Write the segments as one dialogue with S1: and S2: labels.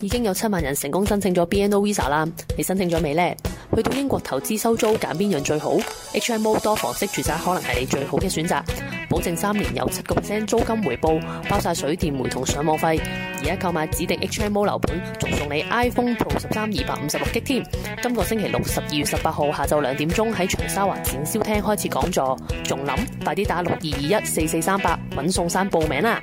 S1: 已經有七萬人成功申請咗 BNO Visa 啦，你申請咗未呢？去到英國投資收租揀邊樣最好？HMO 多房式住宅可能係你最好嘅選擇，保證三年有七個 percent 租金回報，包晒水電煤同上網費。而家購買指定 HMO 樓盤，仲送你 iPhone Pro 十三二百五十六 G 添。今個星期六十二月十八號下晝兩點鐘喺長沙灣展銷廳開始講座，仲諗快啲打六二二一四四三八揾宋山報名啦。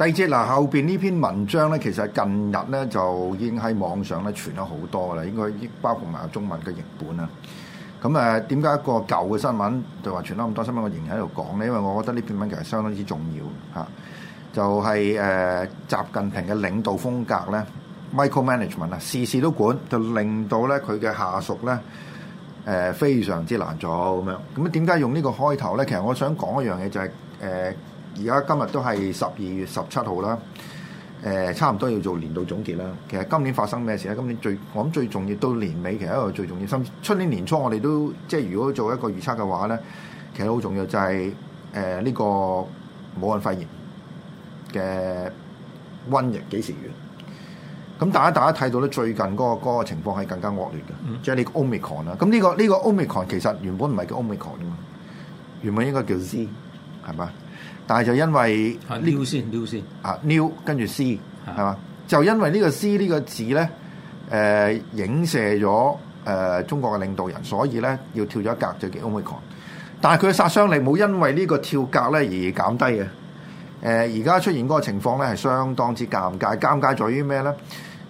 S1: 第二節嗱，後邊呢篇文章咧，其實近日咧就已經喺網上咧傳咗好多啦，應該包括埋中文嘅譯本啦。咁誒，點解一個舊嘅新聞就話傳得咁多新聞，我仍然喺度講咧？因為我覺得呢篇文章其實相當之重要嚇，就係、是、誒、呃、習近平嘅領導風格咧 micro-management 啊，事事都管，就令到咧佢嘅下屬咧誒、呃、非常之難做咁樣。咁啊，點解用呢個開頭咧？其實我想講一樣嘢就係、是、誒。呃而家今天都是12月17日，都係十二月十七號啦，誒、呃、差唔多要做年度總結啦。其實今年發生咩事咧？今年最我諗最重要，到年尾其實一個最重要，甚至出年年初我哋都即係如果做一個預測嘅話咧，其實好重要就係誒呢個武漢肺炎嘅瘟疫幾時完？咁大家大家睇到咧，最近嗰、那個嗰、那個情況係更加惡劣嘅，即係呢個 Omicron 啦、這個。咁、這、呢個呢個 Omicron 其實原本唔係叫 Omicron 嘅嘛，原本應該叫 Z 係咪 Z？但係就因為、啊、new 先 new 先啊 new 跟住 c 係嘛，就因為呢個 c 呢個字咧，誒、呃、影射咗誒、呃、中國嘅領導人，所以咧要跳咗一格就叫 Omicron。但係佢嘅殺傷力冇因為呢個跳格咧而減低嘅。誒而家出現嗰個情況咧係相當之尷尬，尷尬在於咩咧？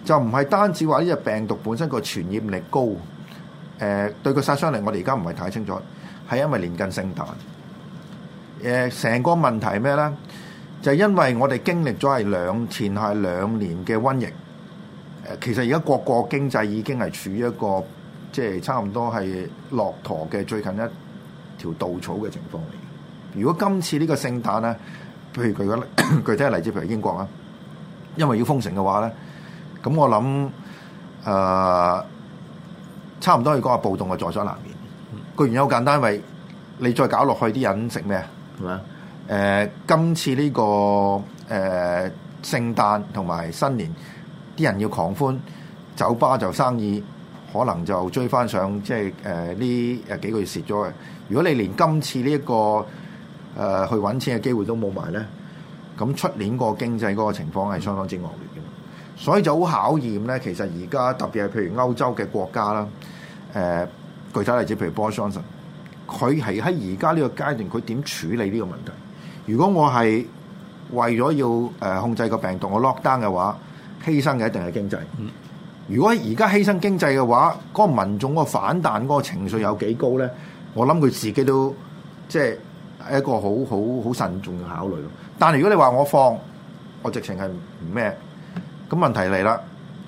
S1: 就唔係單止話呢隻病毒本身個傳染力高，誒、呃、對個殺傷力我哋而家唔係太清楚，係因為年近聖誕。誒成個問題係咩咧？就係、因為我哋經歷咗係兩前係兩年嘅瘟疫，呃、其實而家個個經濟已經係處於一個即係差唔多係駱駝嘅最近一條稻草嘅情況嚟嘅。如果今次個聖誕呢個聖誕咧，譬如具體具體係嚟自，譬如英國啊，因為要封城嘅話咧，咁我諗、呃、差唔多要講下暴動係在所難免。個原因好簡單，因為你再搞落去啲人食咩啊？係嘛？誒、呃，今次呢、這個誒、呃、聖誕同埋新年，啲人要狂歡，酒吧就生意可能就追翻上，即係誒呢誒幾個月蝕咗嘅。如果你連今次呢、這、一個誒、呃、去揾錢嘅機會都冇埋咧，咁出年個經濟嗰個情況係相當之惡劣嘅。所以就好考驗咧，其實而家特別係譬如歐洲嘅國家啦，誒、呃，具體例子譬如 Boris Johnson。佢係喺而家呢個階段，佢點處理呢個問題？如果我係為咗要誒控制個病毒，我 lock down 嘅話，犧牲嘅一定係經濟。嗯、如果而家犧牲經濟嘅話，嗰、嗰個民眾嗰個反彈嗰、嗰個情緒有幾高咧？我諗佢自己都即係一個好好好慎重嘅考慮咯。但係如果你話我放，我直情係唔咩咁問題嚟啦。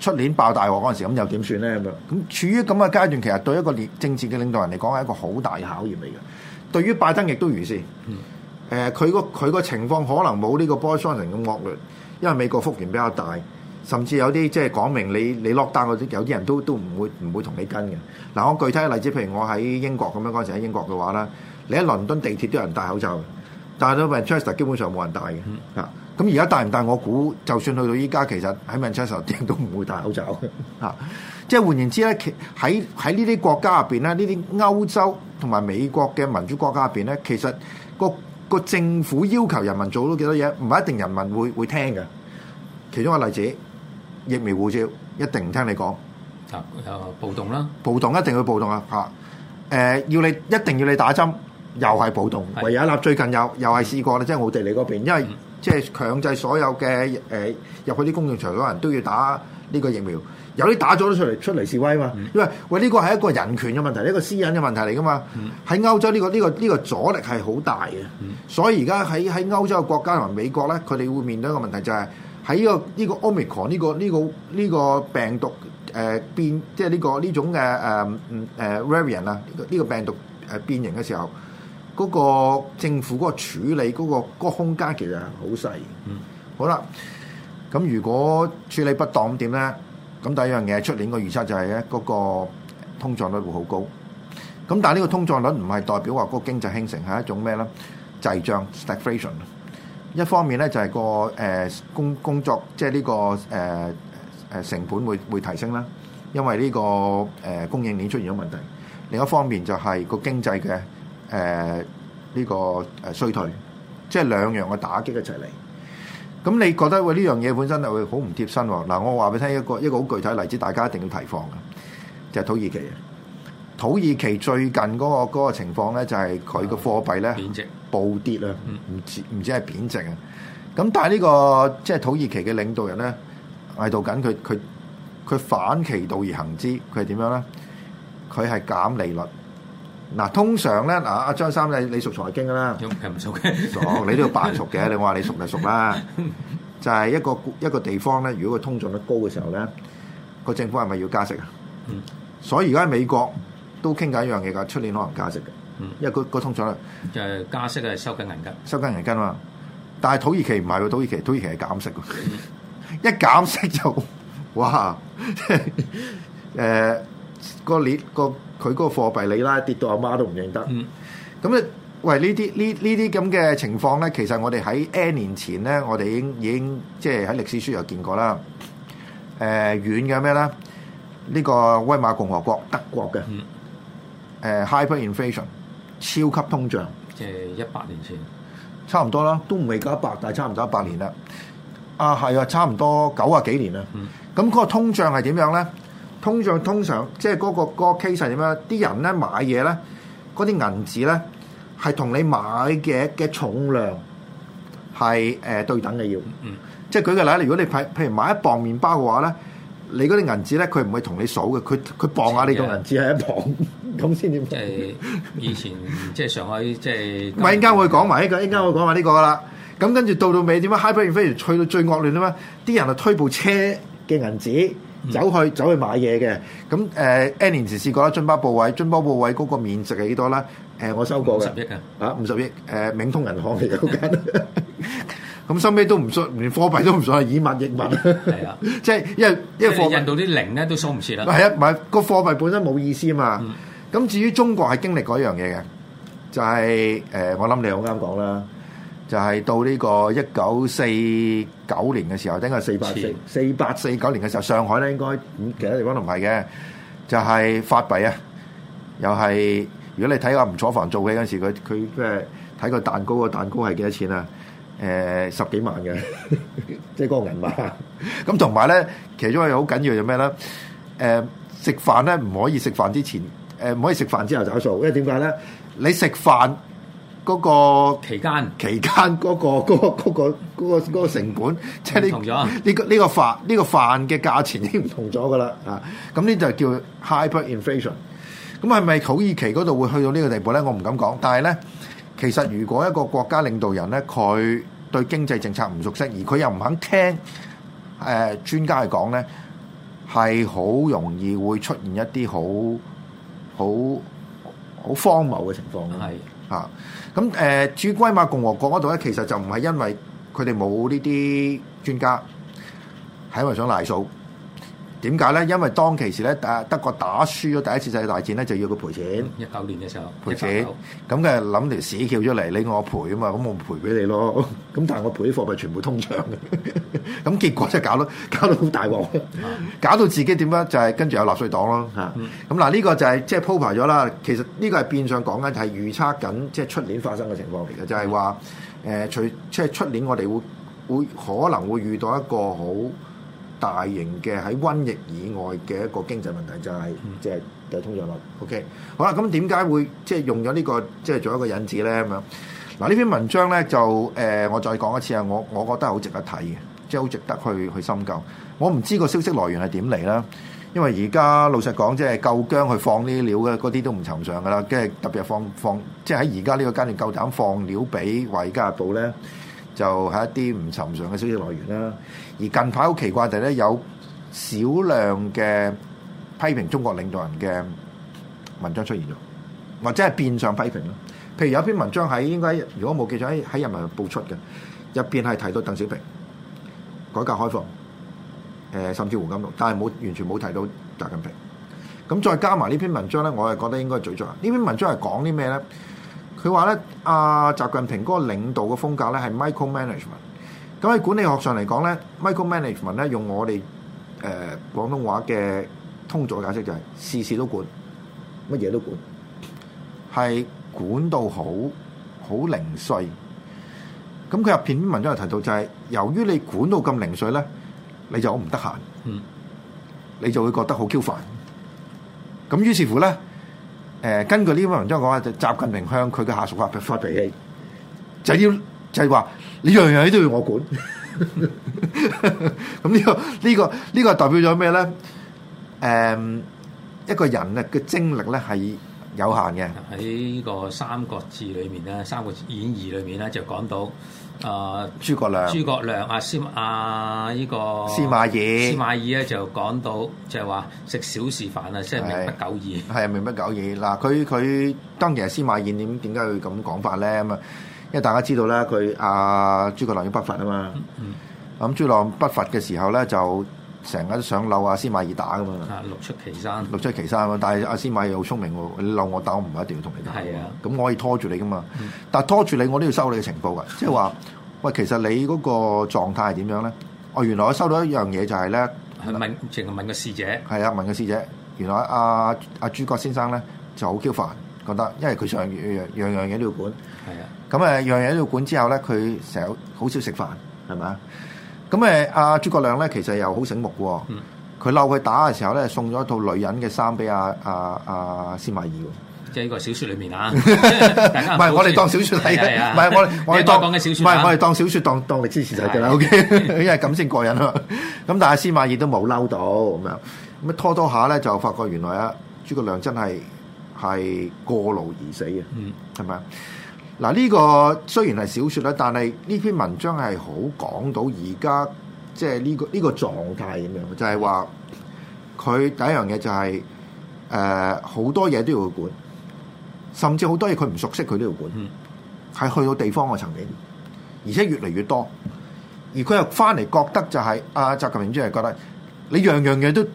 S1: 出年爆大鑊嗰陣時，咁又點算咧？咁樣咁處於咁嘅階段，其實對一個政治嘅領導人嚟講，係一個好大嘅考驗嚟嘅。對於拜登亦都如是。呃，佢個佢個情況可能冇呢個 Boris Johnson 咁惡劣，因為美國幅員比較大，甚至有啲即係講明你你落單嗰啲，有啲人都都唔會唔會同你跟嘅。嗱、呃，我具體嘅例子，譬如我喺英國咁樣嗰陣時喺英國嘅話啦，你喺倫敦地鐵都有人戴口罩，但係到 Manchester 基本上冇人戴嘅。嗯咁而家戴唔戴？我估就算去到依家，其實喺問時候，聽都唔會戴口罩。嚇，即係換言之咧，其喺喺呢啲國家入邊咧，呢啲歐洲同埋美國嘅民主國家入邊咧，其實個個政府要求人民做到幾多嘢，唔係一定人民會會聽嘅。其中一個例子，疫苗護照一定唔聽你講。啊，有暴動啦，暴動一定要暴動啊！嚇，誒要你一定要你打針，又係暴動。唯有最近有又係試過啦，即係奧地利嗰邊，因為。即係強制所有嘅誒、呃、入去啲公共場所人都要打呢個疫苗，有啲打咗都出嚟出嚟示威嘛，嗯、因為喂呢個係一個人權嘅問題，一個私隱嘅問題嚟噶嘛，喺、嗯、歐洲呢、呢個呢、呢個呢、呢個阻力係好大嘅，嗯、所以而家喺喺歐洲嘅國家同埋美國咧，佢哋會面對一個問題就係喺呢個呢、呢個 Omicron 呢個呢個呢個病毒誒、呃、變，即係呢、呢個呢種嘅誒誒 variant 啊，呢、呃、個、呃、病毒誒變形嘅時候。嗰個政府嗰個處理嗰個嗰空間其實係好細。嗯，好啦，咁如果處理不當點咧？咁第一樣嘢，出年個預測就係咧嗰個通脹率會好高。咁但係呢個通脹率唔係代表話個經濟興盛係一種咩咧？滯脹 （stagflation）。一方面咧就係個誒工工作即係呢個誒誒成本會會提升啦，因為呢個誒供應鏈出現咗問題。另一方面就係個經濟嘅。誒，呢、呃這個誒衰退，即係兩樣嘅打擊一齊嚟。咁你覺得喂呢樣嘢本身就會好唔貼身？嗱，我話俾你聽一個一個好具體例子，大家一定要提防嘅，就係、是、土耳其。土耳其最近嗰個、這個情況咧，就係佢個貨幣咧貶值、暴跌啦，唔止唔止係貶值啊。咁但係呢個即係土耳其嘅領導人咧，嗌到緊佢佢佢，反其道而行之，佢係點樣咧？佢係減利率。嗱，通常咧，嗱阿張三你你熟財經噶啦，唔
S2: 熟，熟、哦，你都要扮熟嘅。你
S1: 我話你熟就熟啦。 就係一個一個地方咧，如果個通脹率高嘅時候咧，個政府係咪要加息啊？嗯。所以而家喺美國都傾緊一樣嘢噶，出年可能加息嘅。嗯。因為個通脹率，
S2: 就加息啊，收緊銀根，
S1: 收緊銀根啊嘛。但係土耳其唔係喎，土耳其土耳其係減息 一減息就哇，誒、 呃那個利、那個。佢嗰個貨幣里拉跌到阿媽都唔認得，咁咧、嗯，喂呢啲呢呢啲咁嘅情況咧，其實我哋喺 N 年前咧，我哋已經已經即係喺歷史書又見過啦。誒、呃、遠嘅咩咧？呢、呢個威瑪共和國德國嘅，誒、嗯呃、hyperinflation 超級通脹，即係一百年前，差唔多啦，都唔係一百，但係差唔多一百年啦。啊，係啊，差唔多九啊幾年啦。咁嗰、嗯、個通脹係點樣咧？通脹通常即係嗰、嗰個嗰個 case 係點樣？啲人咧買嘢咧，嗰啲銀紙咧係同你買嘅嘅重量係誒、呃、對等嘅要。嗯，即係舉個例子，如果你譬，譬如買一磅麵包嘅話咧，你嗰啲銀紙咧佢唔會同你數嘅，佢佢磅下你個銀紙係一磅，咁先點？即
S2: 係以前即係上海即係，咪陣間
S1: 會講埋呢個？陣間會講埋呢個啦。咁跟住到到尾點啊？high 不遠飛，去到最惡劣啊嘛！啲人就推部車嘅銀紙。走去走去買嘢嘅，咁誒，N 年前試過啦，津巴布韋，津巴布韋嗰個面值幾多啦？誒，我收過嘅
S3: 十億啊，啊，五
S1: 十億，誒，銘通銀行嚟嘅，咁收尾都唔算，連貨幣都唔算係以物易物，係啊，
S2: 即係因為因為貨印到啲零咧都數唔切啦，係啊，
S1: 唔係個貨幣本身冇意思啊嘛，咁至於中國係經歷嗰樣嘢嘅，就係誒，我諗你好啱講啦。就係到呢個一九四九年嘅時候，定係四八四四八四九年嘅時候，上海咧應該，其他地方都唔係嘅，就係、係、法幣啊，又係如果你睇下吳楚凡做嘅嗰陣時，佢佢即係睇個蛋糕個蛋糕係幾多錢啊、呃？十幾萬嘅，即係嗰個銀碼。咁同埋咧，其中一個好緊要就咩咧？食飯咧唔可以食飯之前，唔、呃、可以食飯之後找數，因為點解咧？你食飯。嗰個期間期間嗰個嗰、嗰個嗰、嗰個嗰個、成本，即係呢呢個呢、呢個飯呢個飯嘅價錢已經唔同咗噶啦，啊！咁呢就叫 hyperinflation。咁係咪土耳其嗰度會去到呢個地步咧？我唔敢講。但係咧，其實如果一個國家領導人咧，佢對經濟政策唔熟悉，而佢又唔肯聽誒、呃、專家去講咧，係好容易會出現一啲好好，很好荒謬嘅情況咁誒，至於係啊、呃、圭馬共和國嗰度咧，其實就唔係因為佢哋冇呢啲專家，係因為想賴數。點解咧？因為當其時咧，德德國打輸咗第一次世界大戰咧，就要佢賠錢。一
S2: 九年嘅時候，
S1: 賠錢。咁佢諗條屎橋出嚟，你我賠啊嘛，咁我賠俾你咯。咁但係我賠啲貨幣全部通脹嘅。咁 結果即係搞到搞到好大鑊，啊、搞到自己點樣就係、是、跟住有納粹黨咯。咁嗱、啊，呢、嗯、個就係即係鋪排咗啦。其實呢個係變相講緊係預測緊，即係出年發生嘅情況。嚟嘅。就係、是、話、嗯呃，除即係出年我哋會會可能會遇到一個好。大型嘅喺瘟疫以外嘅一個經濟問題就係即係通脹率。OK，好啦，咁點解會即係用咗呢個即係做一個引子咧？咁樣嗱，呢篇文章咧就誒、呃，我再講一次啊，我我覺得好值得睇嘅，即係好值得去去深究。我唔知個消息來源係點嚟啦，因為而家老實講，即係夠姜去放呢啲料嘅嗰啲都唔尋常噶啦。跟住特別放放，即係喺而家呢個階段夠膽放料俾《華爾街日報》咧，就係一啲唔尋常嘅消息來源啦。而近排好奇怪就係咧，有少量嘅批評中國領導人嘅文章出現咗，或者係變相批評咯。譬如有篇文章喺應該，如果冇記錯喺喺人民日報出嘅，入邊係提到鄧小平改革開放，誒甚至胡錦濤，但係冇完全冇提到習近平。咁再加埋呢篇文章咧，我係覺得應該咀嚼。呢篇文章係講啲咩咧？佢話咧，阿習近平嗰個領導嘅風格咧係 micro management。咁喺管理學上嚟講咧，micro management 咧用我哋誒廣東話嘅通俗解釋就係事事都管，乜嘢都管，係管到好好零碎。咁佢入篇文章又提到，就係由於你管到咁零碎咧，你就唔得閒，你就會覺得好嬌煩。咁於是乎咧，誒根據呢篇文章講咧，就習近平向佢嘅下屬發發脾氣，就要就係話。你樣樣嘢都要我管，咁呢個呢個呢個代表咗咩咧？誒，一個人嘅精力咧係有限嘅。
S2: 喺呢個《三國志》裏面咧，《三國演義》裏面咧就講到啊，諸葛亮，諸葛亮啊，司啊呢個司馬懿，司馬懿咧就講到就係話食少事煩啊，即係命
S1: 不久矣。係啊，命不久矣。嗱，佢佢當其時，司馬懿點點解會咁講法咧？咁啊？因為大家知道咧，佢阿諸葛亮要北伐啊嘛。咁諸葛亮北伐嘅時候咧，就成日都想撈阿司馬懿打噶嘛。六出祁山。六出祁山啊！但係阿司馬懿好聰明喎，你撈我打，我唔係一定要同你打。係啊。咁我可以拖住你噶嘛？但係拖住你，我都要收你嘅情報㗎，即係話，喂，其實你嗰個狀態係點樣咧？哦，原來我收到一樣嘢就係咧，問，淨係問個使者。係啊，問個使者，原來阿阿諸葛先生咧就好 Q 煩，覺得因為佢上樣樣嘢都要管。係啊。咁啊，樣樣都要管之後咧，佢成日好少食飯，係咪啊？咁誒，阿諸葛亮咧，其實又好醒目喎。佢嬲佢打嘅時候咧，送咗一套女人嘅衫俾阿阿阿司馬懿。啊啊、爾
S2: 即係呢個小說裏面啊，唔係 我哋當小說睇嘅，唔係、啊啊、我我哋 當講
S1: 嘅小說，唔係我哋當小說當當歷史事實嘅啦。O K，因為咁先過癮啊。咁但係司馬懿都冇嬲到，咁樣咁拖拖下咧，就發覺原來啊，諸葛亮真係係過勞而死嘅，係咪啊？嗱，呢個雖然係小說啦，但係呢篇文章係好講到而家即係、這、呢個呢、這個狀態咁樣，就係話佢第一樣嘢就係誒好多嘢都要管，甚至好多嘢佢唔熟悉佢都要管，係、嗯、去到地方嘅層面，而且越嚟越多。而佢又翻嚟覺得就係阿習近平主席覺得你樣樣嘢都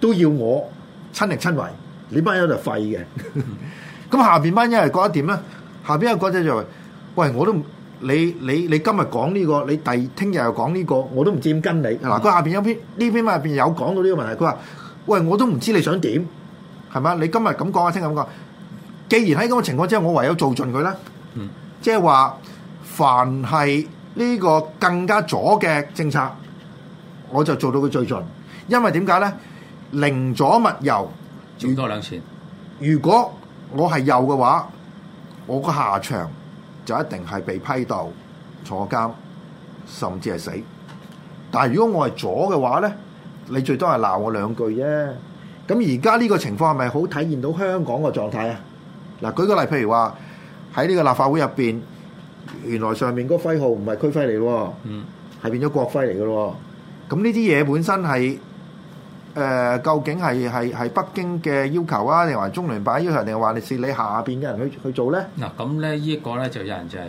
S1: 都要我親力親為，你班人就廢嘅。咁、嗯、 下邊班人係覺得點咧？下邊有個仔就，喂我都，你你你今日講呢個，你第聽日又講呢個，我都唔知點跟你。嗱，佢下邊有篇呢篇文入邊有講到呢個問題，佢話，喂我都唔知你想點，係嘛？你今日咁講，聽日咁講，既然喺咁嘅情況之下，我唯有做盡佢啦。嗯。即係話，凡係呢個更加左嘅政策，我就做到佢最盡。因為點解咧？寧左勿右。最多兩錢。如果我係右嘅話。我個下場就一定係被批鬥、坐監，甚至係死。但係如果我係左嘅話咧，你最多係鬧我兩句啫。咁而家呢個情況係咪好體現到香港嘅狀態啊？嗱，舉個例，譬如話喺呢個立法會入邊，原來上面嗰個徽號唔係區徽嚟咯，嗯，係變咗國徽嚟㗎咯。咁呢啲嘢本身係。誒，究竟係係係北京嘅要求啊，定係話中聯辦要求，定係話你是你下邊嘅人去去做咧？
S2: 嗱，咁咧依一個咧就有人就係誒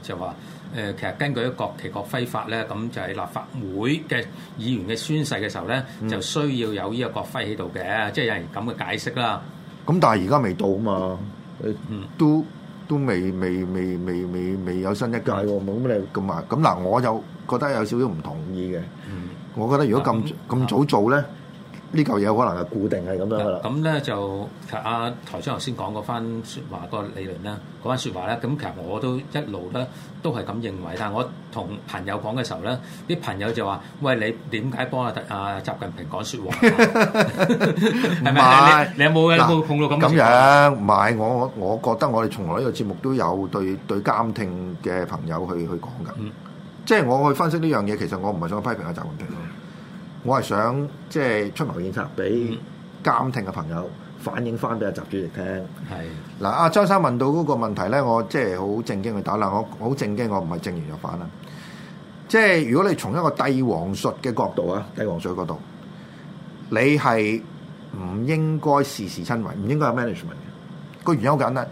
S2: 就話誒，其實根據《國旗國徽法》咧，咁就喺立法會嘅議員嘅宣誓嘅時候咧，就需要有依個國徽喺度嘅，即係有人咁嘅解釋啦。
S1: 咁但係而家未到啊嘛，嗯，都都未未未未未未有新一屆喎，冇乜你咁話，咁嗱，我就覺得有少少唔同意嘅。嗯，我覺得如果咁咁早做咧。呢嚿嘢可能係固定係咁樣噶啦。
S2: 咁咧就阿台長頭先講嗰番説話嗰個理論咧，嗰番説話咧，咁其實我都一路咧都係咁認為，但係我同朋友講嘅時候咧，啲朋友就話：喂，你點解幫阿阿習近平講説話？係咪，你有冇嘅？你冇
S1: 碰到咁樣？咁樣唔係我，我覺得我哋從來呢個節目都有對對監聽嘅朋友去去講㗎。嗯。即係我去分析呢樣嘢，其實我唔係想批評阿習近平。我係想即係出謀獻策俾監聽嘅朋友反映翻俾阿習主席聽。係嗱的，阿張生問到嗰個問題咧，我即係好正經去答啦。我好正經，我唔係正言若反啦。即係如果你從一個帝王術嘅角度啊，帝王術嘅角度，你係唔應該事事親為，唔應該有 management 嘅。個原因好簡單，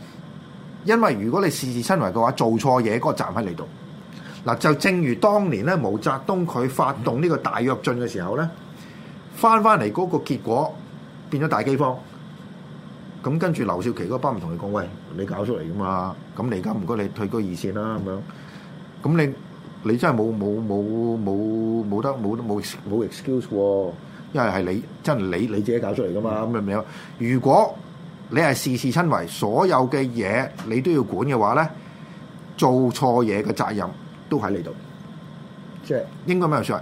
S1: 因為如果你事事親為嘅話，做錯嘢，嗰、嗰個站喺你度。嗱，就正如當年咧，毛澤東佢發動呢個大躍進嘅時候咧，翻翻嚟嗰個結果變咗大饑荒。咁跟住，劉少奇嗰班人同你講，喂，你搞出嚟噶嘛？咁你而家唔該你退居二線啦、啊，咁樣咁你你真係冇冇冇冇冇得冇冇冇 excuse 喎、啊，因為係你真係你你自己搞出嚟噶嘛咁就、嗯、明如果你係事事親為，所有嘅嘢你都要管嘅話咧，做錯嘢嘅責任，都喺你度，即係、就是、應該咩話先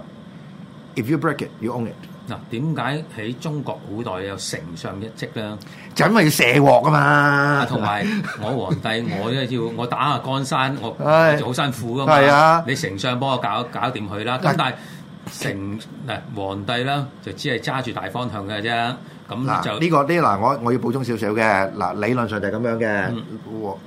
S1: ？If you break it, you own it。
S2: 嗱，點解喺中國古代有丞相一職咧？
S1: 就因為要卸鑊噶嘛、啊，
S3: 同埋
S2: 我皇帝 我咧要我打下江山，我好、哎、辛苦噶嘛。哎、呀你丞相幫我搞搞掂佢啦。咁但係。哎但成嗱皇帝啦，就只係揸住大方向嘅啫。咁就呢、這
S1: 個呢，嗱、這個，我我要補充少少嘅嗱，理論上就係咁樣嘅，嗯、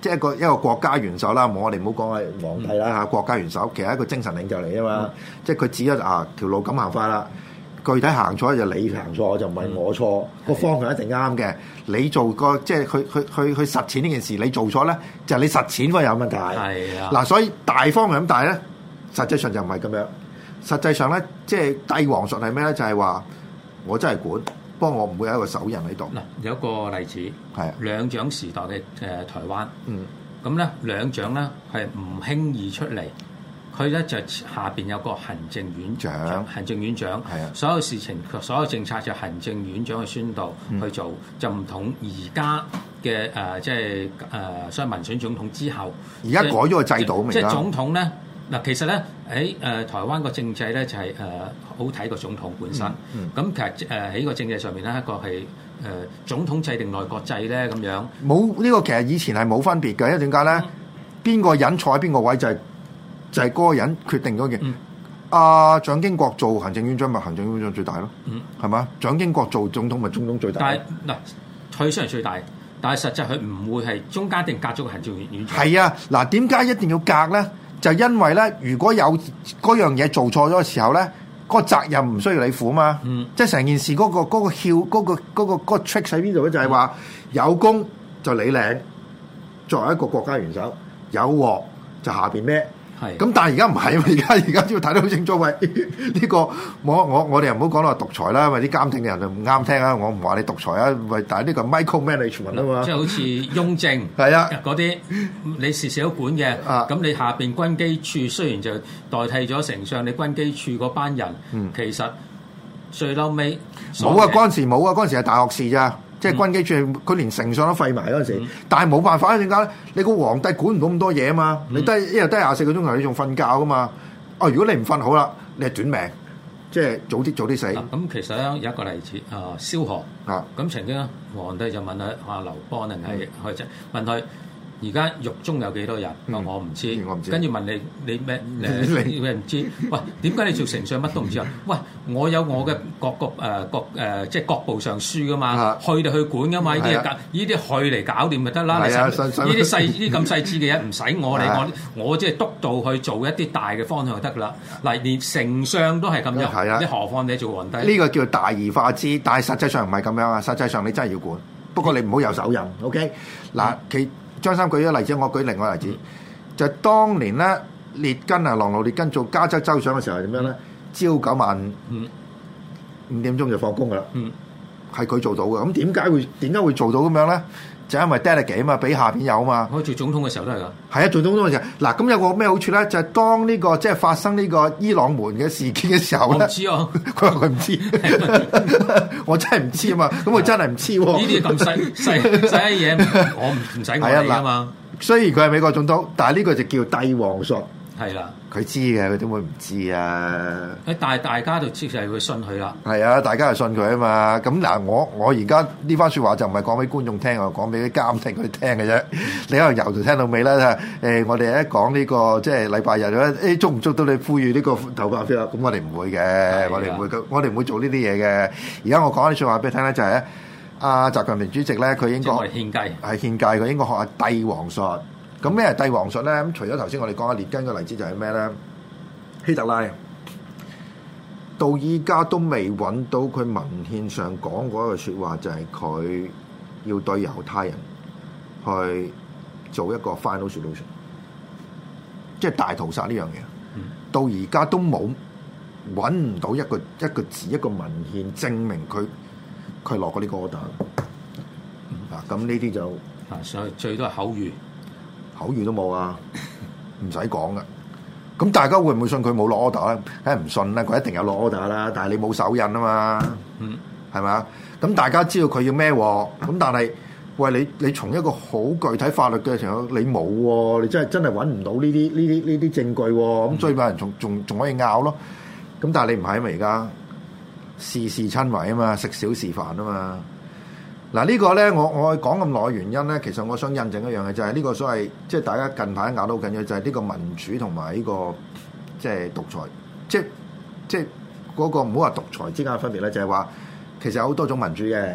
S1: 即係一個一個國家元首啦。我哋唔好講係皇帝啦，嗯、國家元首其實一個精神領袖嚟、嗯、啊嘛。即係佢指咗啊條路咁行法啦，嗯、具體行錯就係、你行錯，嗯、就唔係我錯。個、嗯、方向一定啱嘅，是的 你做個即係佢佢佢佢實踐呢件事，你做錯咧，就係、你實踐嗰個有問題。係是的 啊，嗱所以大方向咁大咧，實際上就唔係咁樣。實際上咧，即係帝王術係咩咧？就係、是、話我真係管，不過我唔會有一個手人喺度。嗱，
S2: 有一個例子，係啊，兩蔣時代嘅誒台灣，嗯，咁咧兩蔣咧係唔輕易出嚟，佢咧就下邊有一個行政院長，長，行政院長係啊，是的 所有事情，所有政策就行政院長去宣導去做，嗯、就唔同而家嘅誒，即係誒，所以民選總統之後，
S1: 而家改咗個制度，即係總
S2: 統咧，嗱，其實咧。喺誒、呃、台灣個政制咧就係、是、誒、呃、好睇個總統本身，咁、嗯嗯、其實誒喺、呃、個政制上面咧一個係誒總統制定內閣制咧咁樣，
S1: 冇呢、這個其實以前係冇分別嘅，因為點解咧？邊、嗯、個人坐喺邊個位就係、是、就係、是、嗰個人決定嗰件。阿、嗯啊、蔣經國做行政院長咪行政院長最大咯，係嘛、嗯？蔣經國做總統咪總統最大。但係
S2: 嗱，佢雖然最大，但係實際佢唔會係中間定隔咗個行政院長。係啊，
S1: 嗱，點解一定要隔咧？就因為咧，如果有嗰樣嘢做錯咗嘅時候咧，個責任唔需要你負啊嘛，嗯、即係成件事嗰個嗰個竅嗰個嗰個嗰個 trick 喺邊度咧？就係話有功就你領，作為一個國家元首，有鑊就下邊孭。係，咁但係而家唔係啊！而家而家要睇得好清楚，喂，呢個我我我哋又唔好講啦，獨裁啦，因為啲監聽嘅人就唔啱聽啊！我唔話你獨裁啊，喂但係呢個 micro management 啊嘛，即係
S2: 好似雍正係啊嗰啲，你事事都管嘅，咁你下邊軍機處雖然就代替咗丞相，你軍機處嗰班人，嗯、其實最嬲尾冇啊！嗰陣
S1: 時冇啊！嗰陣時係大學士咋。即係、嗯、軍機處，佢連丞相都廢埋嗰陣時，但係冇辦法啊！點解咧？你個皇帝管唔到咁多嘢啊嘛？嗯、你得一日得廿四個鐘頭，你仲瞓覺噶嘛？哦，如果你唔瞓好啦，你係短命，即係早啲早啲死，嗯。
S2: 咁其實咧有一個例子、哦、啊，蕭何啊，咁曾經皇帝就問佢，阿劉邦定係佢就問佢。的而家獄中有幾多人？我唔知。跟住問你，你咩？你唔知？喂，點解你做丞相乜都唔知啊？喂，我有我嘅各個誒，各誒即係各部尚書噶嘛？去就去管噶嘛？呢啲呢啲去嚟搞掂咪得啦。呢啲細啲咁細緻嘅嘢唔使我嚟，我我即係督導去做一啲大嘅方向就得啦。嗱，連丞相都係咁樣，你何況你做皇帝？呢個
S1: 叫大而化之，但係實際上唔係咁樣啊！實際上你真係要管，不過你唔好由手任。OK，嗱佢。張三舉一個例子，我舉另外一個例子，嗯、就係當年咧，列根啊，朗奴列根做加州州長嘅時候，係點樣咧？朝九晚五，五點鐘就放工噶啦，係佢、嗯、做到嘅。咁點解會點解會做到咁樣咧？就因為 delegate 啊嘛，俾下邊有嘛。我做總統嘅時候都係㗎。係啊，做總統嘅時候嗱，咁、啊、有個咩好處咧？就係、是、當呢、這個即係發生呢個伊朗門嘅事件嘅時候，我唔知啊。佢話佢唔知，我真係唔知啊嘛。咁佢真係唔知喎。呢啲咁細細細
S2: 嘢，我唔使我理啊嘛。
S1: 雖然佢係美國總統，但係呢個就叫帝王術。係啦，佢知嘅，佢點會唔知啊？
S2: 誒，但係大家就即係會信佢啦。
S1: 係啊，大家就信佢啊嘛。咁嗱，我我而家呢番説話就唔係講俾觀眾聽啊，講俾啲監聽佢聽嘅啫。你可能由頭聽到尾啦。誒，我哋一講呢個即係禮拜日咧，誒，捉唔捉到你呼籲呢個頭髮色？咁我哋唔會嘅，我哋唔會，我哋唔會做呢啲嘢嘅。而家我講啲説話俾你聽咧，就係阿習近平主席咧，佢應該係獻計，係獻計，佢應該學下帝王術。咁咩係帝王術咧？咁除咗頭先我哋講阿列根嘅例子就，就係咩咧？希特拉到依家都未揾到佢文獻上講嗰句説話，就係佢要對猶太人去做一個 final solution，即係大屠殺呢樣嘢。嗯、到而家都冇揾唔到一個一個字一個文獻證明佢佢落過呢個 order。嗱、嗯，咁呢啲就啊，所以最多係口語。口語都冇啊，唔使講噶。咁大家會唔會信佢冇落 order 咧？梗係唔信啦，佢一定有落 order 啦。但係你冇手印啊嘛，嗯，係咪啊？咁大家知道佢要咩喎？咁但係喂你你從一個好具體法律嘅時候，你冇喎、啊，你真係真係揾唔到呢啲呢啲呢啲證據喎、啊。咁最問人仲仲仲可以拗咯。咁但係你唔係啊嘛，而家、啊、事事親為啊嘛，食小事飯啊嘛。嗱，呢個咧，我我講咁耐嘅原因咧，其實我想印證一樣嘅，就係呢個所謂即係大家近排咬到好緊要，就係、是、呢個民主同埋呢個即係獨裁，即即嗰、那個唔好話獨裁之間嘅分別咧，就係話其實有好多種民主嘅，誒、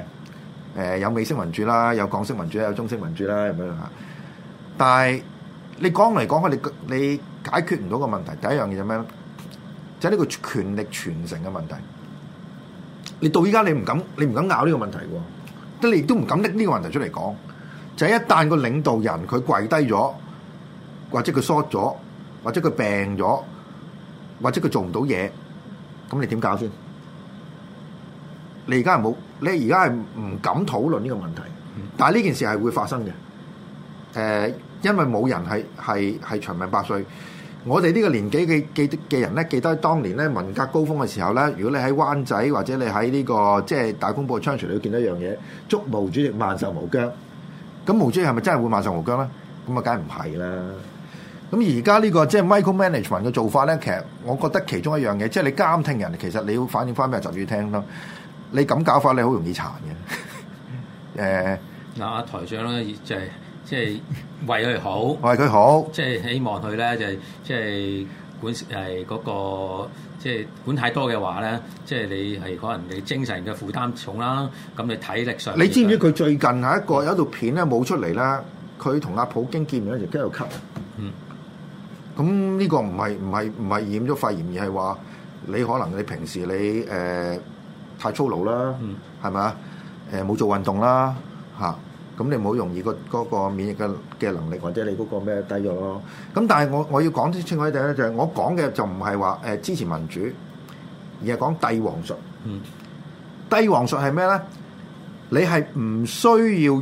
S1: 呃、有美式民主啦，有港式民主有中式民主啦咁樣嚇。但係你講嚟講去，你你解決唔到個問題。第一樣嘢就咩？就係、是、呢個權力傳承嘅問題。你到依家你唔敢你唔敢咬呢個問題喎。得你亦都唔敢拎呢個問題出嚟講，就係一旦個領導人佢跪低咗，或者佢疏咗，或者佢病咗，或者佢做唔到嘢，咁你點搞先？你而家係冇，你而家係唔敢討論呢個問題。但係呢件事係會發生嘅，誒、呃，因為冇人係係係長命百歲。我哋呢個年紀嘅嘅嘅人咧，記得當年咧，文革高峰嘅時候咧，如果你喺灣仔或者你喺呢、這個即係大公報嘅窗台裏，見到一樣嘢，祝毛主席萬壽無疆。咁毛主席係咪真係會萬壽無疆咧？咁啊，梗係唔係啦？咁、就、而、是、家呢個即係 micro management 嘅做法咧，其實我覺得其中一樣嘢，即、就、係、是、你監聽人，其實你要反映翻俾習主席聽咯。你咁搞法，你好容易殘嘅。誒、 呃，嗱，
S2: 台長咧，就係、是。即係為佢好，為佢好。即係希望佢咧，就即、是、係管誒嗰個即係管太多嘅話咧，即、就、係、是、你係可能你精神嘅負擔重啦，咁你體力上你知唔知
S1: 佢最近係一個、嗯、有一套片咧，冇出嚟咧，佢同阿普京見面咧就繼續咳。嗯這個不是，咁呢個唔係唔係唔係染咗肺炎，而係話你可能你平時你誒、呃、太粗勞啦，係咪啊？誒、呃、冇做運動啦，嚇、啊。咁你冇容易個嗰免疫嘅嘅能力，或者你嗰個咩低弱咯、啊。咁但係我我要講清楚一啲咧，就係、是、我講嘅就唔係話誒支持民主，而係講帝王術。嗯、帝王術係咩咧？你係唔需要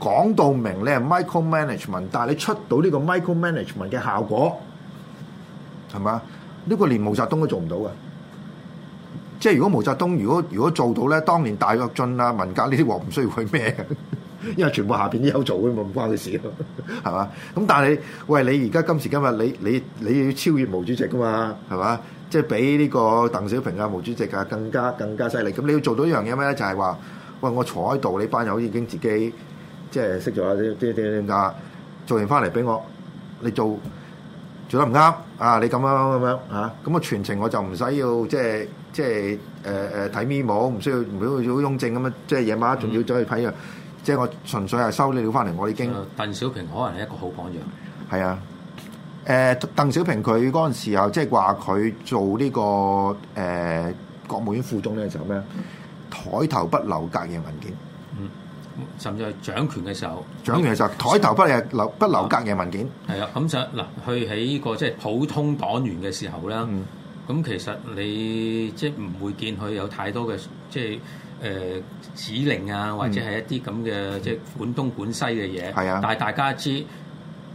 S1: 講到明，你係 micro management，但係你出到呢個 micro management 嘅效果係嘛？呢、這個連毛澤東都做唔到嘅。即係如果毛澤東如果如果做到咧，當年大躍進啊、文革呢啲嘢，唔需要去咩嘅。 因為全部下邊都有做嘅嘛，唔關你事咯，係嘛？咁但係你，喂，你而家今時今日，你你你要超越毛主席噶嘛，係嘛？即係比呢個鄧小平啊、毛主席啊更加更加犀利。咁你要做到一樣嘢咩咧？就係話，喂，我坐喺度，你班友已經自己即係識咗啲啲啲啊，做完翻嚟俾我，你做做得唔啱啊？你咁樣咁樣嚇，咁、啊、我全程我就唔使要即係即係誒誒睇 memo，唔需要，如果要雍正咁啊，即係夜晚仲要走去批啊。嗯即係我純粹係收呢料翻嚟，我已經、呃。
S2: 鄧小平可能係一個好榜樣。
S1: 係啊，誒、呃、鄧小平佢嗰陣時候，即係話佢做呢、這個誒、呃、國務院副總理嘅時候咩啊？抬頭不留隔夜文件。
S2: 嗯。甚至係掌權嘅時候。
S1: 掌權嘅時候，以抬頭不留不留隔夜文件。
S2: 係啊，咁就嗱，佢喺呢個即係普通黨員嘅時候咧，咁、嗯、其實你即係唔會見佢有太多嘅即係。誒、呃、指令啊，或者係一啲咁嘅即係管東管西嘅嘢，啊、但係大家知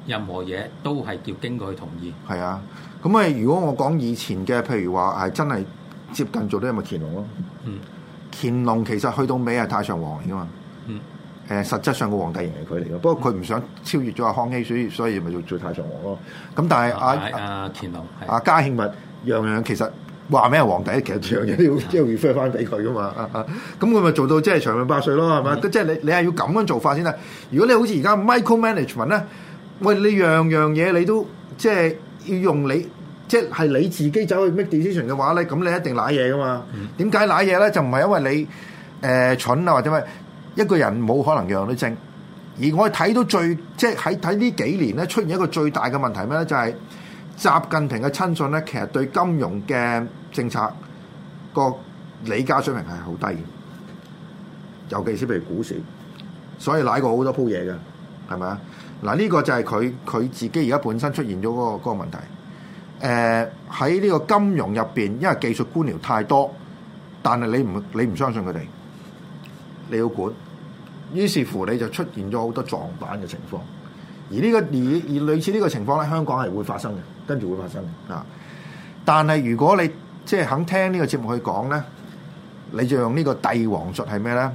S2: 任何嘢都係要經過佢同意。
S1: 係啊，咁啊，如果我講以前嘅，譬如話係真係接近做啲咁係咪乾隆咯。
S3: 嗯，
S1: 乾隆其實去到尾係太上皇嚟噶嘛。嗯，誒，實質上個皇帝仍係佢嚟嘅。不過佢唔想超越咗阿康熙，所以所以咪做做太上皇咯。咁但係阿阿乾隆、阿嘉慶物樣樣其實。話咩皇帝？其實樣樣啲都要即係 refer 翻俾佢噶嘛，咁佢咪做到即係長命百歲咯，係咪？Mm. 即係你你係要咁樣做法先啦。如果你好似而家 micro management 咧，喂你樣樣嘢你都即係要用你，即係你自己走去 make decision 嘅話咧，咁你一定賴嘢噶嘛。點解賴嘢咧？就唔係因為你誒、呃、蠢啊，或者咩一個人冇可能樣樣都正。而我睇到最即係喺睇呢幾年咧出現一個最大嘅問題咩咧？就係。習近平嘅親信咧，其實對金融嘅政策個理價水平係好低，尤其係譬如股市，所以瀨過好多鋪嘢嘅，係咪啊？嗱，呢個就係佢佢自己而家本身出現咗嗰個嗰個問題。呃，喺呢個金融入邊，因為技術官僚太多，但係你唔你唔相信佢哋，你要管，於是乎你就出現咗好多撞板嘅情況。而呢個，而而類似呢個情況咧，香港係會發生嘅。跟住會發生啊！但係如果你即係肯聽呢個節目去講咧，你就用呢個帝王術係咩咧？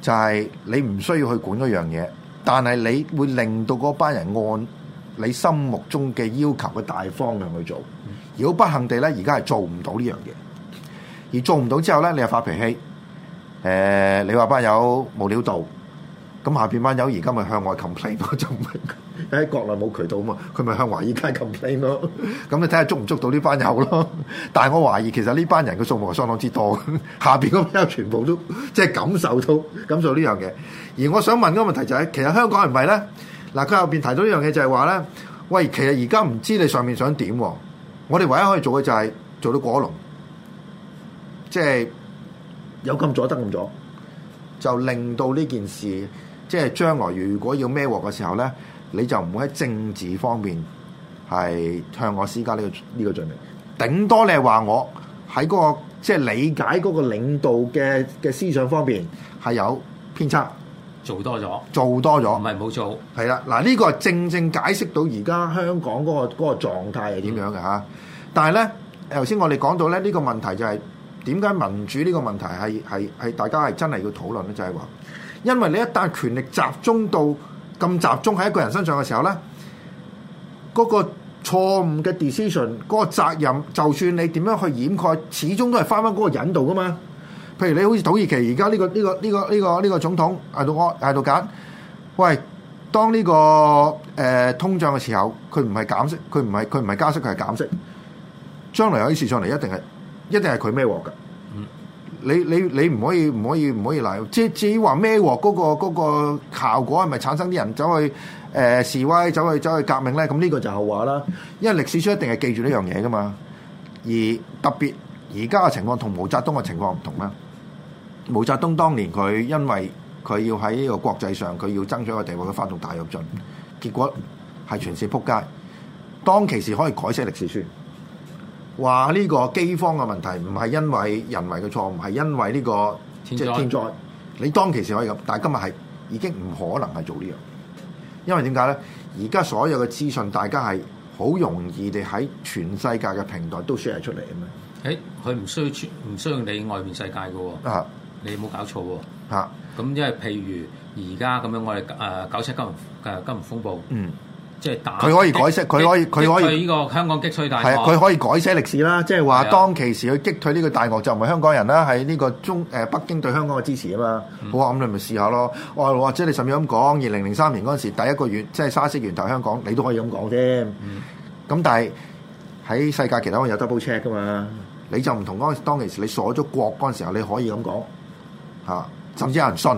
S1: 就係、是、你唔需要去管嗰樣嘢，但係你會令到嗰班人按你心目中嘅要求嘅大方向去做。如果不幸地咧，而家係做唔到呢樣嘢，而做唔到之後咧，你又發脾氣、呃。你話班友無料到？咁下邊班友而家咪向外 complain 咯，就唔係喺國內冇渠道嘛，佢咪向華爾街 complain 咯。咁你睇下捉唔捉到呢班友咯？但係我懷疑其實呢班人嘅數目係相當之多。下邊嗰班全部都即係、就是、感受到感受呢樣嘢。而我想問個問題就係、是、其實香港係唔係咧？嗱，佢後邊提到呢樣嘢就係話咧，喂，其實而家唔知你上面想點，我哋唯一可以做嘅就係做到果龍，即係有咁咗、得咁咗，就令到呢件事。即係將來如果要孭鑊嘅時候咧，你就唔會喺政治方面係向我施加呢、這個呢、這個罪名。頂多你係話我喺嗰、那個即係理解嗰個領導嘅嘅思想方面係有偏差，
S2: 做多咗，
S1: 做多咗，唔係冇錯。係啦，嗱、這、呢個係正正解釋到而家香港嗰、那個那個狀態狀態係點樣嘅、嗯、但係咧，頭先我哋講到咧，呢、這個問題就係點解民主呢個問題係係係大家係真係要討論咧，就係、是、話。因為你一旦權力集中到咁集中喺一個人身上嘅時候咧，嗰個錯誤嘅 decision，嗰個責任，就算你點樣去掩蓋，始終都係翻翻嗰個人度㗎嘛。譬如你好似土耳其而家呢個呢個呢個呢個呢個總統喺度惡喺度揀，喂，當呢個誒通脹嘅時候，佢唔係減息，佢唔係佢唔係加息，佢係減息。將來有啲事上嚟，一定係一定係佢孭鑊㗎。你你你唔可以唔可以唔可以嚟？即至於話孭鑊嗰個嗰個效果係咪產生啲人走去誒、呃、示威、走去走去革命咧？咁呢個就係話啦，因為歷史書一定係記住呢樣嘢噶嘛。而特別而家嘅情況同毛澤東嘅情況唔同啦。毛澤東當年佢因為佢要喺呢個國際上佢要爭取個地位，佢發動大躍進，結果係全線撲街。當其時可以改寫歷史書。話呢、這個饑荒嘅問題唔係因為人為嘅錯誤，係因為呢個天災，天，災天災。你當其時可以咁，但係今日係已經唔可能係做呢樣，因為點解咧？而家所有嘅資訊，大家係好容易地喺全世界嘅平台都 share 出嚟啊嘛。
S2: 誒，佢唔需要傳，唔需要你外面世界嘅喎、哦。啊、你冇搞錯喎、哦。咁、啊、因為譬如而家咁樣我，我哋誒九七金融金融風暴。嗯。即係佢可以改寫佢可以佢可以呢個香港擊退大係啊佢可以
S1: 改寫歷史啦即係話當其時去擊退呢個大惡就唔係香港人啦係呢個中誒、呃、北京對香港嘅支持啊嘛好啊咁你咪試下咯我話即係你上面咁講二零零三年嗰陣時第一個月，即係沙士源頭香港你都可以咁講啫咁但係喺世界其他位有 double check 噶嘛你就唔同嗰陣時當其時你鎖咗國嗰陣時候你可以咁講吓甚至有人信。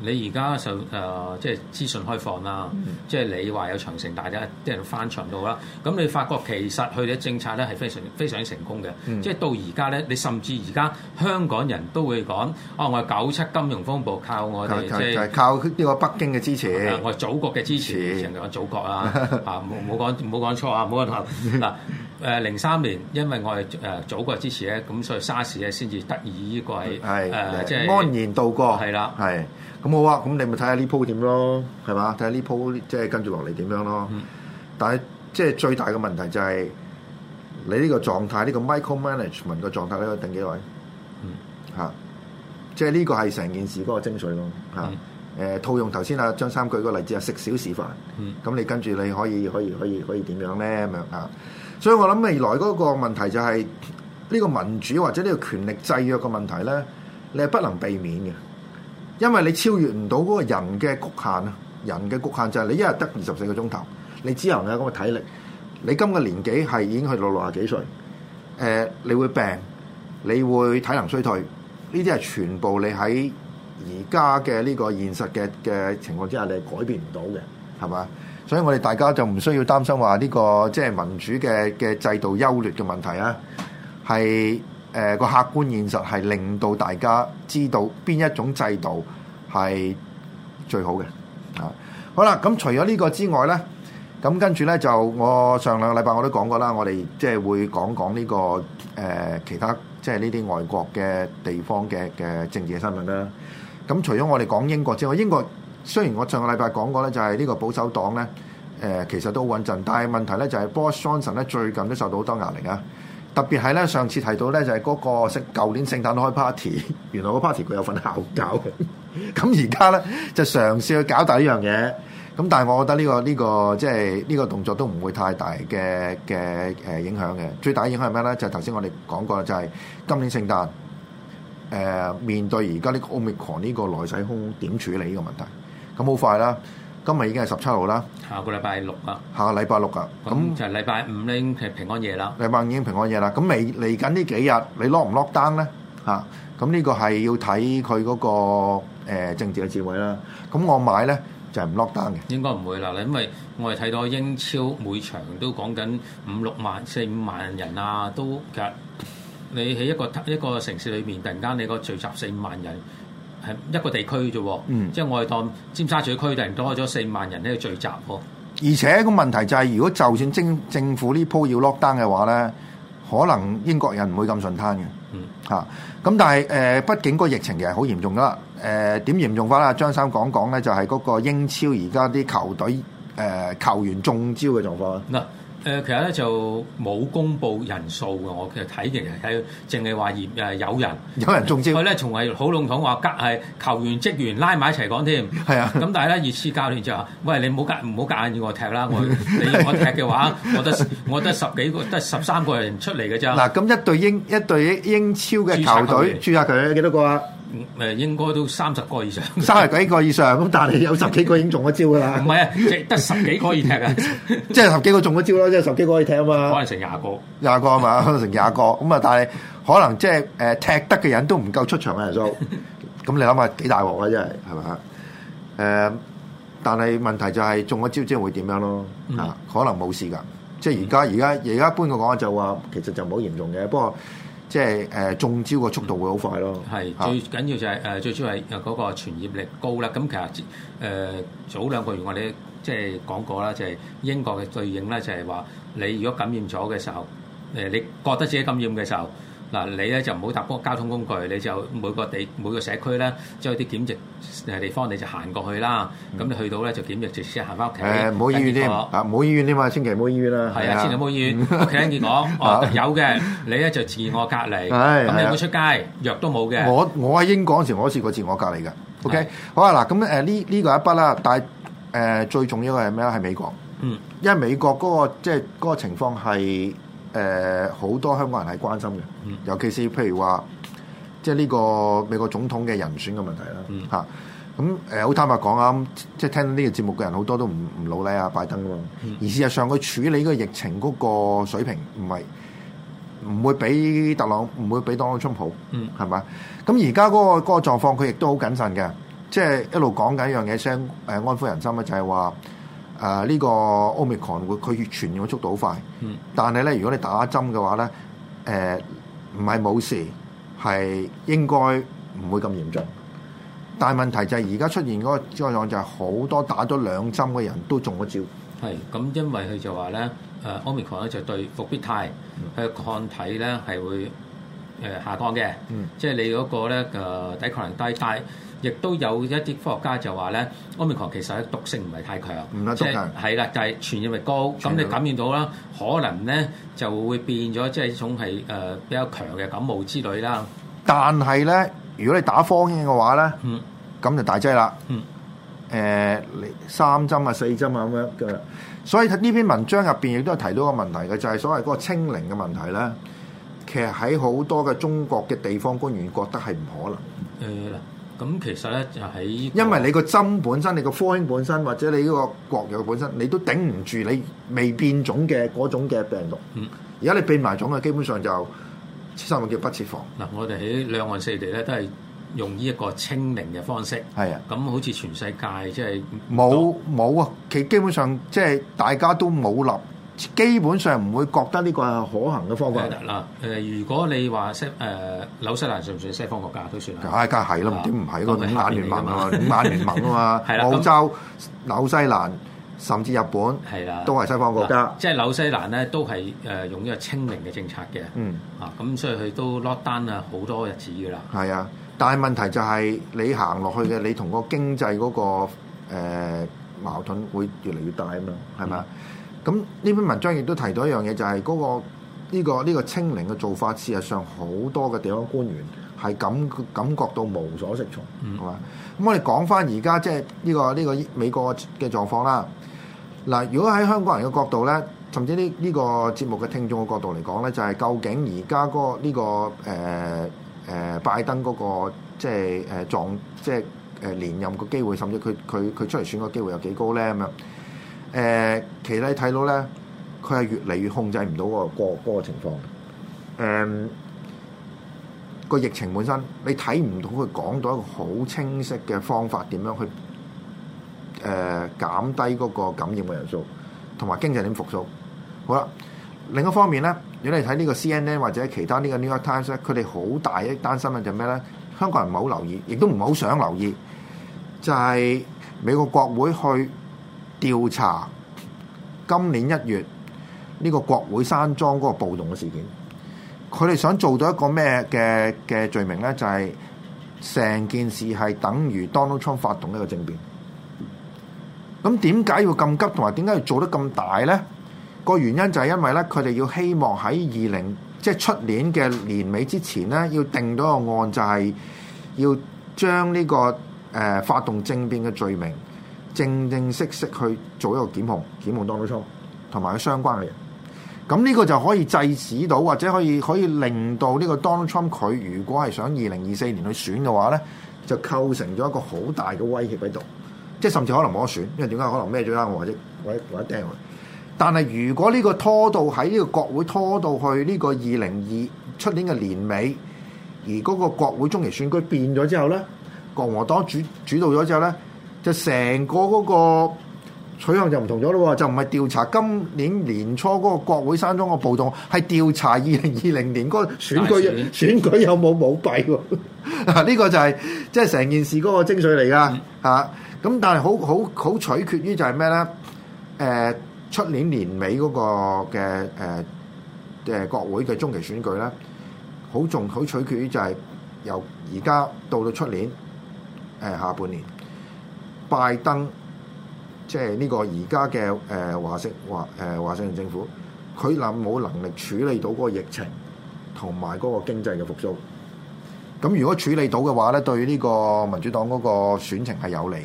S2: 你而家就誒，即係資訊開放啦，嗯、即係你話有長城大，大家即係翻牆到啦。咁你發覺其實佢哋嘅政策咧係非常非常成功嘅。嗯、即係到而家咧，你甚至而家香港人都會講：哦，我係九七金融風暴靠我哋，即係
S1: 靠呢個北京嘅支
S2: 持，嗯、我係祖國嘅支持，我哋持祖國啊，啊冇講講冇講錯啊，冇講錯嗱誒零三年，因為我係誒祖國支持咧，咁所以沙士咧先至得以呢、呢個係即係、呃、安然度過，係啦，
S1: 係。咁好啊，咁你咪睇下呢鋪點咯，係嘛？睇下呢鋪即係跟住落嚟點樣咯。但係即係最大嘅問題就係、是、你呢個狀態，呢、這個 micro management 嘅狀態你可以定幾位？嗯，嚇、啊，即係呢個係成件事嗰個精髓咯。嚇、嗯，誒、啊，套用頭先阿張三舉個例子啊，食少食飯。咁、嗯、你跟住你可以可以可以可以點樣咧咁樣嚇？所以我諗未來嗰個問題就係、是、呢、這個民主或者呢個權力制約嘅問題咧，你係不能避免嘅。因為你超越唔到嗰個人嘅局限啊，人嘅局限就係你一日得二十四個鐘頭，你只能有咁嘅體力，你今個年，年紀係已經去到六十幾歲，誒、呃，你會病，你會體能衰退，呢啲係全部你喺而家嘅呢個現實嘅嘅情況之下，你係改變唔到嘅，係嘛？所以我哋大家就唔需要擔心話呢個即係民主嘅嘅制度優劣嘅問題啊，係。誒個客觀現實係令到大家知道邊一種制度係最好嘅啊！好啦，咁除咗呢個之外咧，咁跟住咧就我上兩個禮拜我都講過啦，我哋即係會講講呢個誒、呃、其他即係呢啲外國嘅地方嘅嘅政治嘅新聞啦。咁除咗我哋講英國之外，英國雖然我上個禮拜講過咧，就係呢個保守黨咧，誒、呃、其實都穩陣，但係問題咧就係 Boris Johnson 咧最近都受到好多壓力啊！特別係咧，上次提到咧就係嗰個聖舊年聖誕開 party，原來個 party 佢有份效搞嘅。咁而家咧就嘗試去搞大呢樣嘢。咁但係我覺得呢、呢個呢、呢個即係呢個動作都唔會太大嘅嘅誒影響嘅。最大的影響係咩咧？就係頭先我哋講過，就係今年聖誕誒、呃、面對而家呢個奧密克戎呢個內洗空點處理呢個問題。咁好快啦～今日已經係十七號啦，
S2: 下個禮拜六啊，
S1: 下個禮拜六噶，咁
S2: 就係禮拜五咧，平平安夜啦。
S1: 禮拜五已經平安夜啦，咁未嚟緊呢幾日，你 lock 唔 lock down 咧？嚇，咁呢個係要睇佢嗰個誒政治嘅智慧啦。咁我買咧就係唔 lock down 嘅。
S2: 應該唔會啦，因為我哋睇到英超每場都講緊五六萬、四五萬人啊，都其實你喺一個一個城市裏面，突然間你個聚集四五萬人。一個地區啫，嗯、即係我哋當尖沙咀區定係多咗四萬人喺度聚集喎。
S1: 而且個問題就係、是，如果就算政政府呢鋪要 lock down 嘅話咧，可能英國人唔會咁順攤嘅。嗯，嚇、啊。咁但係誒、呃，畢竟個疫情其實好嚴重噶啦。誒、呃、點嚴重法啦？張生講講咧，就係嗰個英超而家啲球隊誒、呃、球員中招嘅狀況。嗱、嗯。
S2: 誒、呃、其實咧就冇公布人數㗎，我其實睇嘅其實係淨係話有人有人中招，佢咧從嚟好籠統話隔係球員職員拉埋一齊講添。係是啊，咁但係咧熱刺教練就話，喂你唔好隔唔好隔硬要我踢啦，我 你要我踢嘅話我得我得十幾個得十三個人出嚟㗎啫。嗱，
S1: 咁一隊英一隊英超嘅球隊註冊佢幾多個啊？
S2: 誒，應該都三十個以上，三
S1: 十幾個以上咁，但係有十幾個已經中咗招噶啦。唔係啊，即
S2: 係得十幾個可以踢啊，
S1: 即係十幾個中咗招咯，即係十幾個可以踢啊 嘛可。可能成廿個，廿個啊嘛，可能成廿個咁啊，但係可能即係誒踢得嘅人都唔夠出場嘅人數。咁你諗下幾大鑊啊？真係係咪？誒，但係問題就係、是、中咗招之後會點樣咯？可能冇事噶。嗯、即係而家而家而家一般嘅講就話，其實就冇嚴重嘅。不過。即係誒中招嘅速度會好快咯，
S2: 係最緊要就係誒最主要係嗰、呃、個傳染力高啦。咁其實誒、呃、早兩個月我哋即係講過啦，就係、是、英國嘅對應啦，就係話你如果感染咗嘅時候、呃，你覺得自己感染嘅時候。嗱，你咧就唔好搭公共交通工具，你就每個地每個社區咧將啲檢疫誒地方，你就行過去啦。咁你去到咧就檢疫，直接行翻屋企。唔好醫院添，
S1: 啊，唔好醫院添嘛，千祈唔好醫院啦。係啊，千祈唔好
S2: 醫院。屋企聽見講，哦，有嘅，你咧就自我隔離。係，咁你唔好出街，藥都冇嘅。
S1: 我我喺英國嗰時我都試過自我隔離嘅。OK，好啊，嗱，咁誒呢呢個一筆啦，但係誒最重要一個係咩咧？係美國。嗯。因為美國嗰個即係嗰個情況係。誒，好、呃、多香港人係關心嘅，嗯、尤其是譬如話，即係呢個美國總統嘅人選嘅問題啦，吓咁誒，好、啊呃、坦白講，即係聽呢個節目嘅人好多都唔唔努力啊拜登，而事實上佢處理呢個疫情嗰個水平唔係，唔係唔會俾特朗普，唔會俾 Donald Trump 好，嗯，係咪？咁而家嗰個、嗰個狀況，佢亦都好謹慎嘅，即係一路講緊一樣嘢，想、呃、誒安撫人心咧，就係話。誒呢、呃這個 Omicron 會佢越傳染嘅速度好快，但係咧如果你打針嘅話咧，誒唔係冇事，係應該唔會咁嚴重。但係問題就係而家出現嗰個狀況就係好多打咗兩針嘅人都中咗招。
S2: 係，咁因為佢就話咧，誒 Omicron 咧就對復必泰佢嘅、嗯、抗體咧係會。誒下降嘅，嗯、即係你嗰個咧誒、呃、抵抗力低，但係亦都有一啲科學家就話咧，奧密克戎其實咧毒性唔係太強，唔係太係啦，就係、是、傳染力高，咁你感染到啦，可能咧就會變咗即係一種係比較強嘅感冒之類啦。
S1: 但係咧，如果你打方嘅話咧，咁、嗯、就大劑啦。誒、嗯呃，三針啊、四針啊咁樣嘅，所以呢篇文章入邊亦都係提到一個問題嘅，就係、是、所謂嗰個清零嘅問題咧。其實喺好多嘅中國嘅地方官員覺得係唔可能。
S2: 誒嗱，咁其實咧就喺因為
S1: 你個針本身、你個科興本身，或者你呢個國藥本身，你都頂唔住你未變種嘅嗰種嘅病毒。嗯，而家你變埋種嘅，基本上就三六九不設防
S2: 沒有沒有。嗱，我哋喺兩岸四地咧都係用呢一個清零嘅方式。係啊，咁好似全世界即係
S1: 冇冇啊？基基本上即係大家都冇立。基本上唔會覺得呢個係可行嘅方法、啊。嗱、
S2: 啊，誒、呃，如果你話西誒紐西蘭算唔算西方國家？
S1: 都算啊。梗係係啦，點唔係？個 五眼聯盟啊嘛，五眼聯盟啊嘛。嗯、澳洲、啊、紐西蘭甚至日本，啊、都係西方國家。
S2: 啊、即係紐西蘭咧，都係誒用呢個清零嘅政策嘅。嗯。啊，咁所以佢都 lock down 啊好多日子㗎啦、
S1: 嗯。係啊，但係問題就係你行落去嘅，你同個經濟嗰、嗰個、呃、矛盾會越嚟越大啊嘛，係咪？嗯。咁呢篇文章亦都提到一樣嘢、嗰個，就係嗰個呢個呢個清零嘅做法，事實上好多嘅地方官員係感感覺到無所適從係嘛？咁、嗯、我哋講翻而家即係呢個呢、呢個美國嘅狀況啦。嗱，如果喺香港人嘅角度咧，甚至呢呢個節目嘅聽眾嘅角度嚟講咧，就係、是、究竟而家嗰個呢、呢個、呃呃、拜登嗰、嗰個即係狀即係誒連任嘅機會，甚至佢佢佢出嚟選嘅機會有幾高咧咁樣誒、呃，其實你睇到咧，佢係越嚟越控制唔到、那個個嗰情況、嗯。誒，個疫情本身你睇唔到佢講到一個好清晰嘅方法點樣去誒、呃、減低嗰個感染嘅人數，同埋經濟點復甦。好啦，另一方面咧，如果你睇呢個 CNN 或者其他呢個 New York Times 咧，佢哋好大一擔心嘅就咩咧？香港人唔係好留意，亦都唔係好想留意，就係、是、美國國會去。調查今年一月呢個國會山莊嗰個暴動嘅事件，佢哋想做到一個咩嘅嘅罪名咧？就係成件事係等於 Donald Trump 發動呢個政變。咁點解要咁急，同埋點解要做得咁大咧？個原因就係因為咧，佢哋要希望喺二零即係出年嘅年尾之前咧，要定到一個案，就係要將呢個誒發動政變嘅罪名。正正式式去做一個檢控，檢控 Donald Trump 同埋佢相關嘅人，咁呢個就可以制止到，或者可以可以令到呢個 Donald Trump 佢如果係想二零二四年去選嘅話咧，就構成咗一個好大嘅威脅喺度，即係甚至可能冇得選，因為點解可能咩咗啱我或者，或者我一釘佢。但係如果呢個拖到喺呢個國會拖到去呢個二零二二年嘅年尾，而嗰個國會中期選舉變咗之後咧，共和黨主主導咗之後咧。成個嗰個取向就唔同咗咯喎，就唔係調查今年年初嗰個國會山莊個暴動，係調查二零二零年嗰個選舉，事選舉有冇舞弊喎、 就是就是？啊，呢個就係即係成件事嗰個精髓嚟噶嚇。咁但係好好好取決於就係咩咧？誒、呃，出年年尾嗰個嘅誒誒國會嘅中期選舉咧，好重好取決於就係由而家到到出年誒、呃、下半年。拜登即係呢個而家嘅誒，華色華誒，華盛頓政府佢諗冇能力處理到嗰個疫情同埋嗰個經濟嘅復甦。咁如果處理到嘅話咧，對呢個民主黨嗰個選情係有利嘅。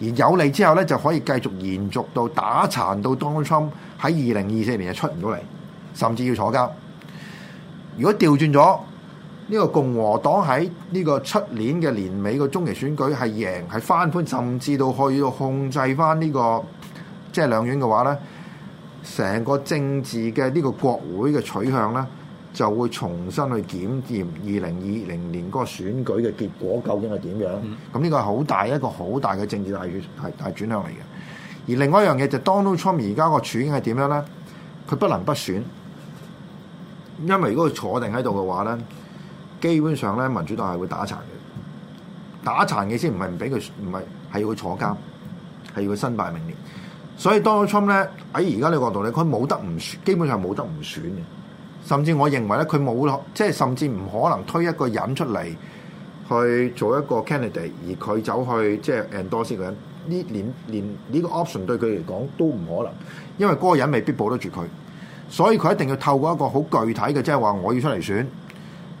S1: 而有利之後咧，就可以繼續延續到打殘到 Donald Trump，喺二零二四年就出唔到嚟，甚至要坐監。如果調轉咗。呢個共和黨喺呢個出年嘅年尾個中期選舉係贏係翻盤，甚至到去到控制翻、這、呢個即係兩院嘅話咧，成個政治嘅呢個國會嘅取向咧，就會重新去檢驗二零二零年嗰個選舉嘅結果究竟係點樣。咁呢、嗯、個係好大一個好大嘅政治大轉大轉向嚟嘅。而另外一樣嘢就是 Donald Trump 而家個處境係點樣咧？佢不能不選，因為如果佢坐定喺度嘅話咧。基本上咧，民主黨係會打殘嘅，打殘嘅先唔係唔俾佢，唔係係要佢坐監，係要佢身敗名裂。所以 Donald Trump 咧喺而家呢個度咧，佢冇得唔選，基本上冇得唔選嘅。甚至我認為咧，佢冇即係甚至唔可能推一個人出嚟去做一個 candidate，而佢走去即係 endorse 嗰人，呢連連呢個 option 對佢嚟講都唔可能，因為嗰個人未必保得住佢，所以佢一定要透過一個好具體嘅，即係話我要出嚟選。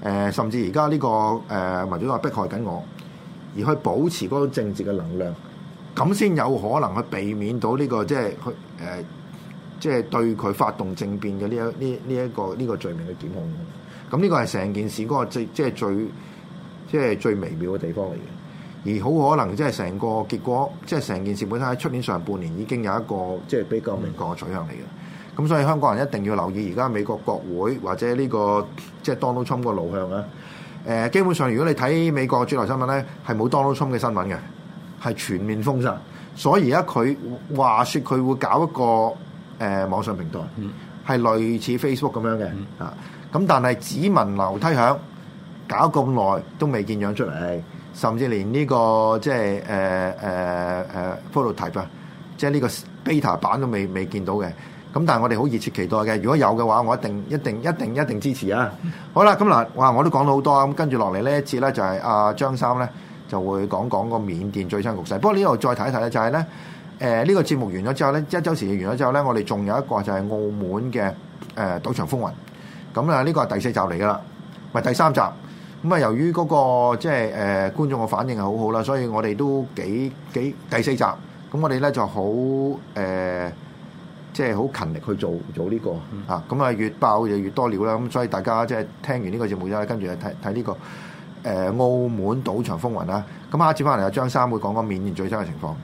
S1: 誒、呃，甚至而家呢個誒，民主黨迫害緊我，而去保持嗰個政治嘅能量，咁先有可能去避免到呢、呢個即係去、呃、即係對佢發動政變嘅呢一呢呢一個呢、呢個呢個、罪名嘅檢控。咁呢個係成件事嗰、嗰個即係最即係最微妙嘅地方嚟嘅。而好可能即係成個結果，即係成件事本身喺出年上半年已經有一個即係比較明確嘅取向嚟嘅。咁所以香港人一定要留意而家美國國會或者呢個即係 Donald Trump 個路向啊。基本上如果你睇美國主流新聞咧，係冇 Donald Trump 嘅新聞嘅，係全面封殺。所以而家佢話說佢會搞一個、呃、網上平台，係、嗯、類似 Facebook 咁樣嘅、嗯、啊。咁但係只聞樓梯響，搞咁耐都未見樣出嚟，甚至連呢個即係、呃呃啊 prototype，啊、即係 prototype，即係呢個 beta 版都未未見到嘅。咁但係我哋好熱切期待嘅，如果有嘅話，我一定一定一定一定支持啊！好啦，咁嗱，哇，我都講咗好多啊！咁跟住落嚟咧，一次咧就係阿張三咧就會講講個緬甸最新局勢。不過呢度再睇一睇咧，就係咧，誒呢個節目完咗之後咧，一週時完咗之後咧，我哋仲有一個就係澳門嘅誒賭場風雲。咁啊，呢個係第四集嚟噶啦，唔係第三集。咁啊，由於嗰個即係誒觀眾嘅反應係好好啦，所以我哋都幾幾第四集。咁我哋咧就好誒。即係好勤力去做做呢、這個嚇，咁、嗯、啊越爆就越多料啦，咁所以大家即係聽完呢個就冇啦，跟住就睇睇呢個誒、呃、澳門賭場風雲啦。咁下一節翻嚟啊，張三會講講緬甸最新嘅情況。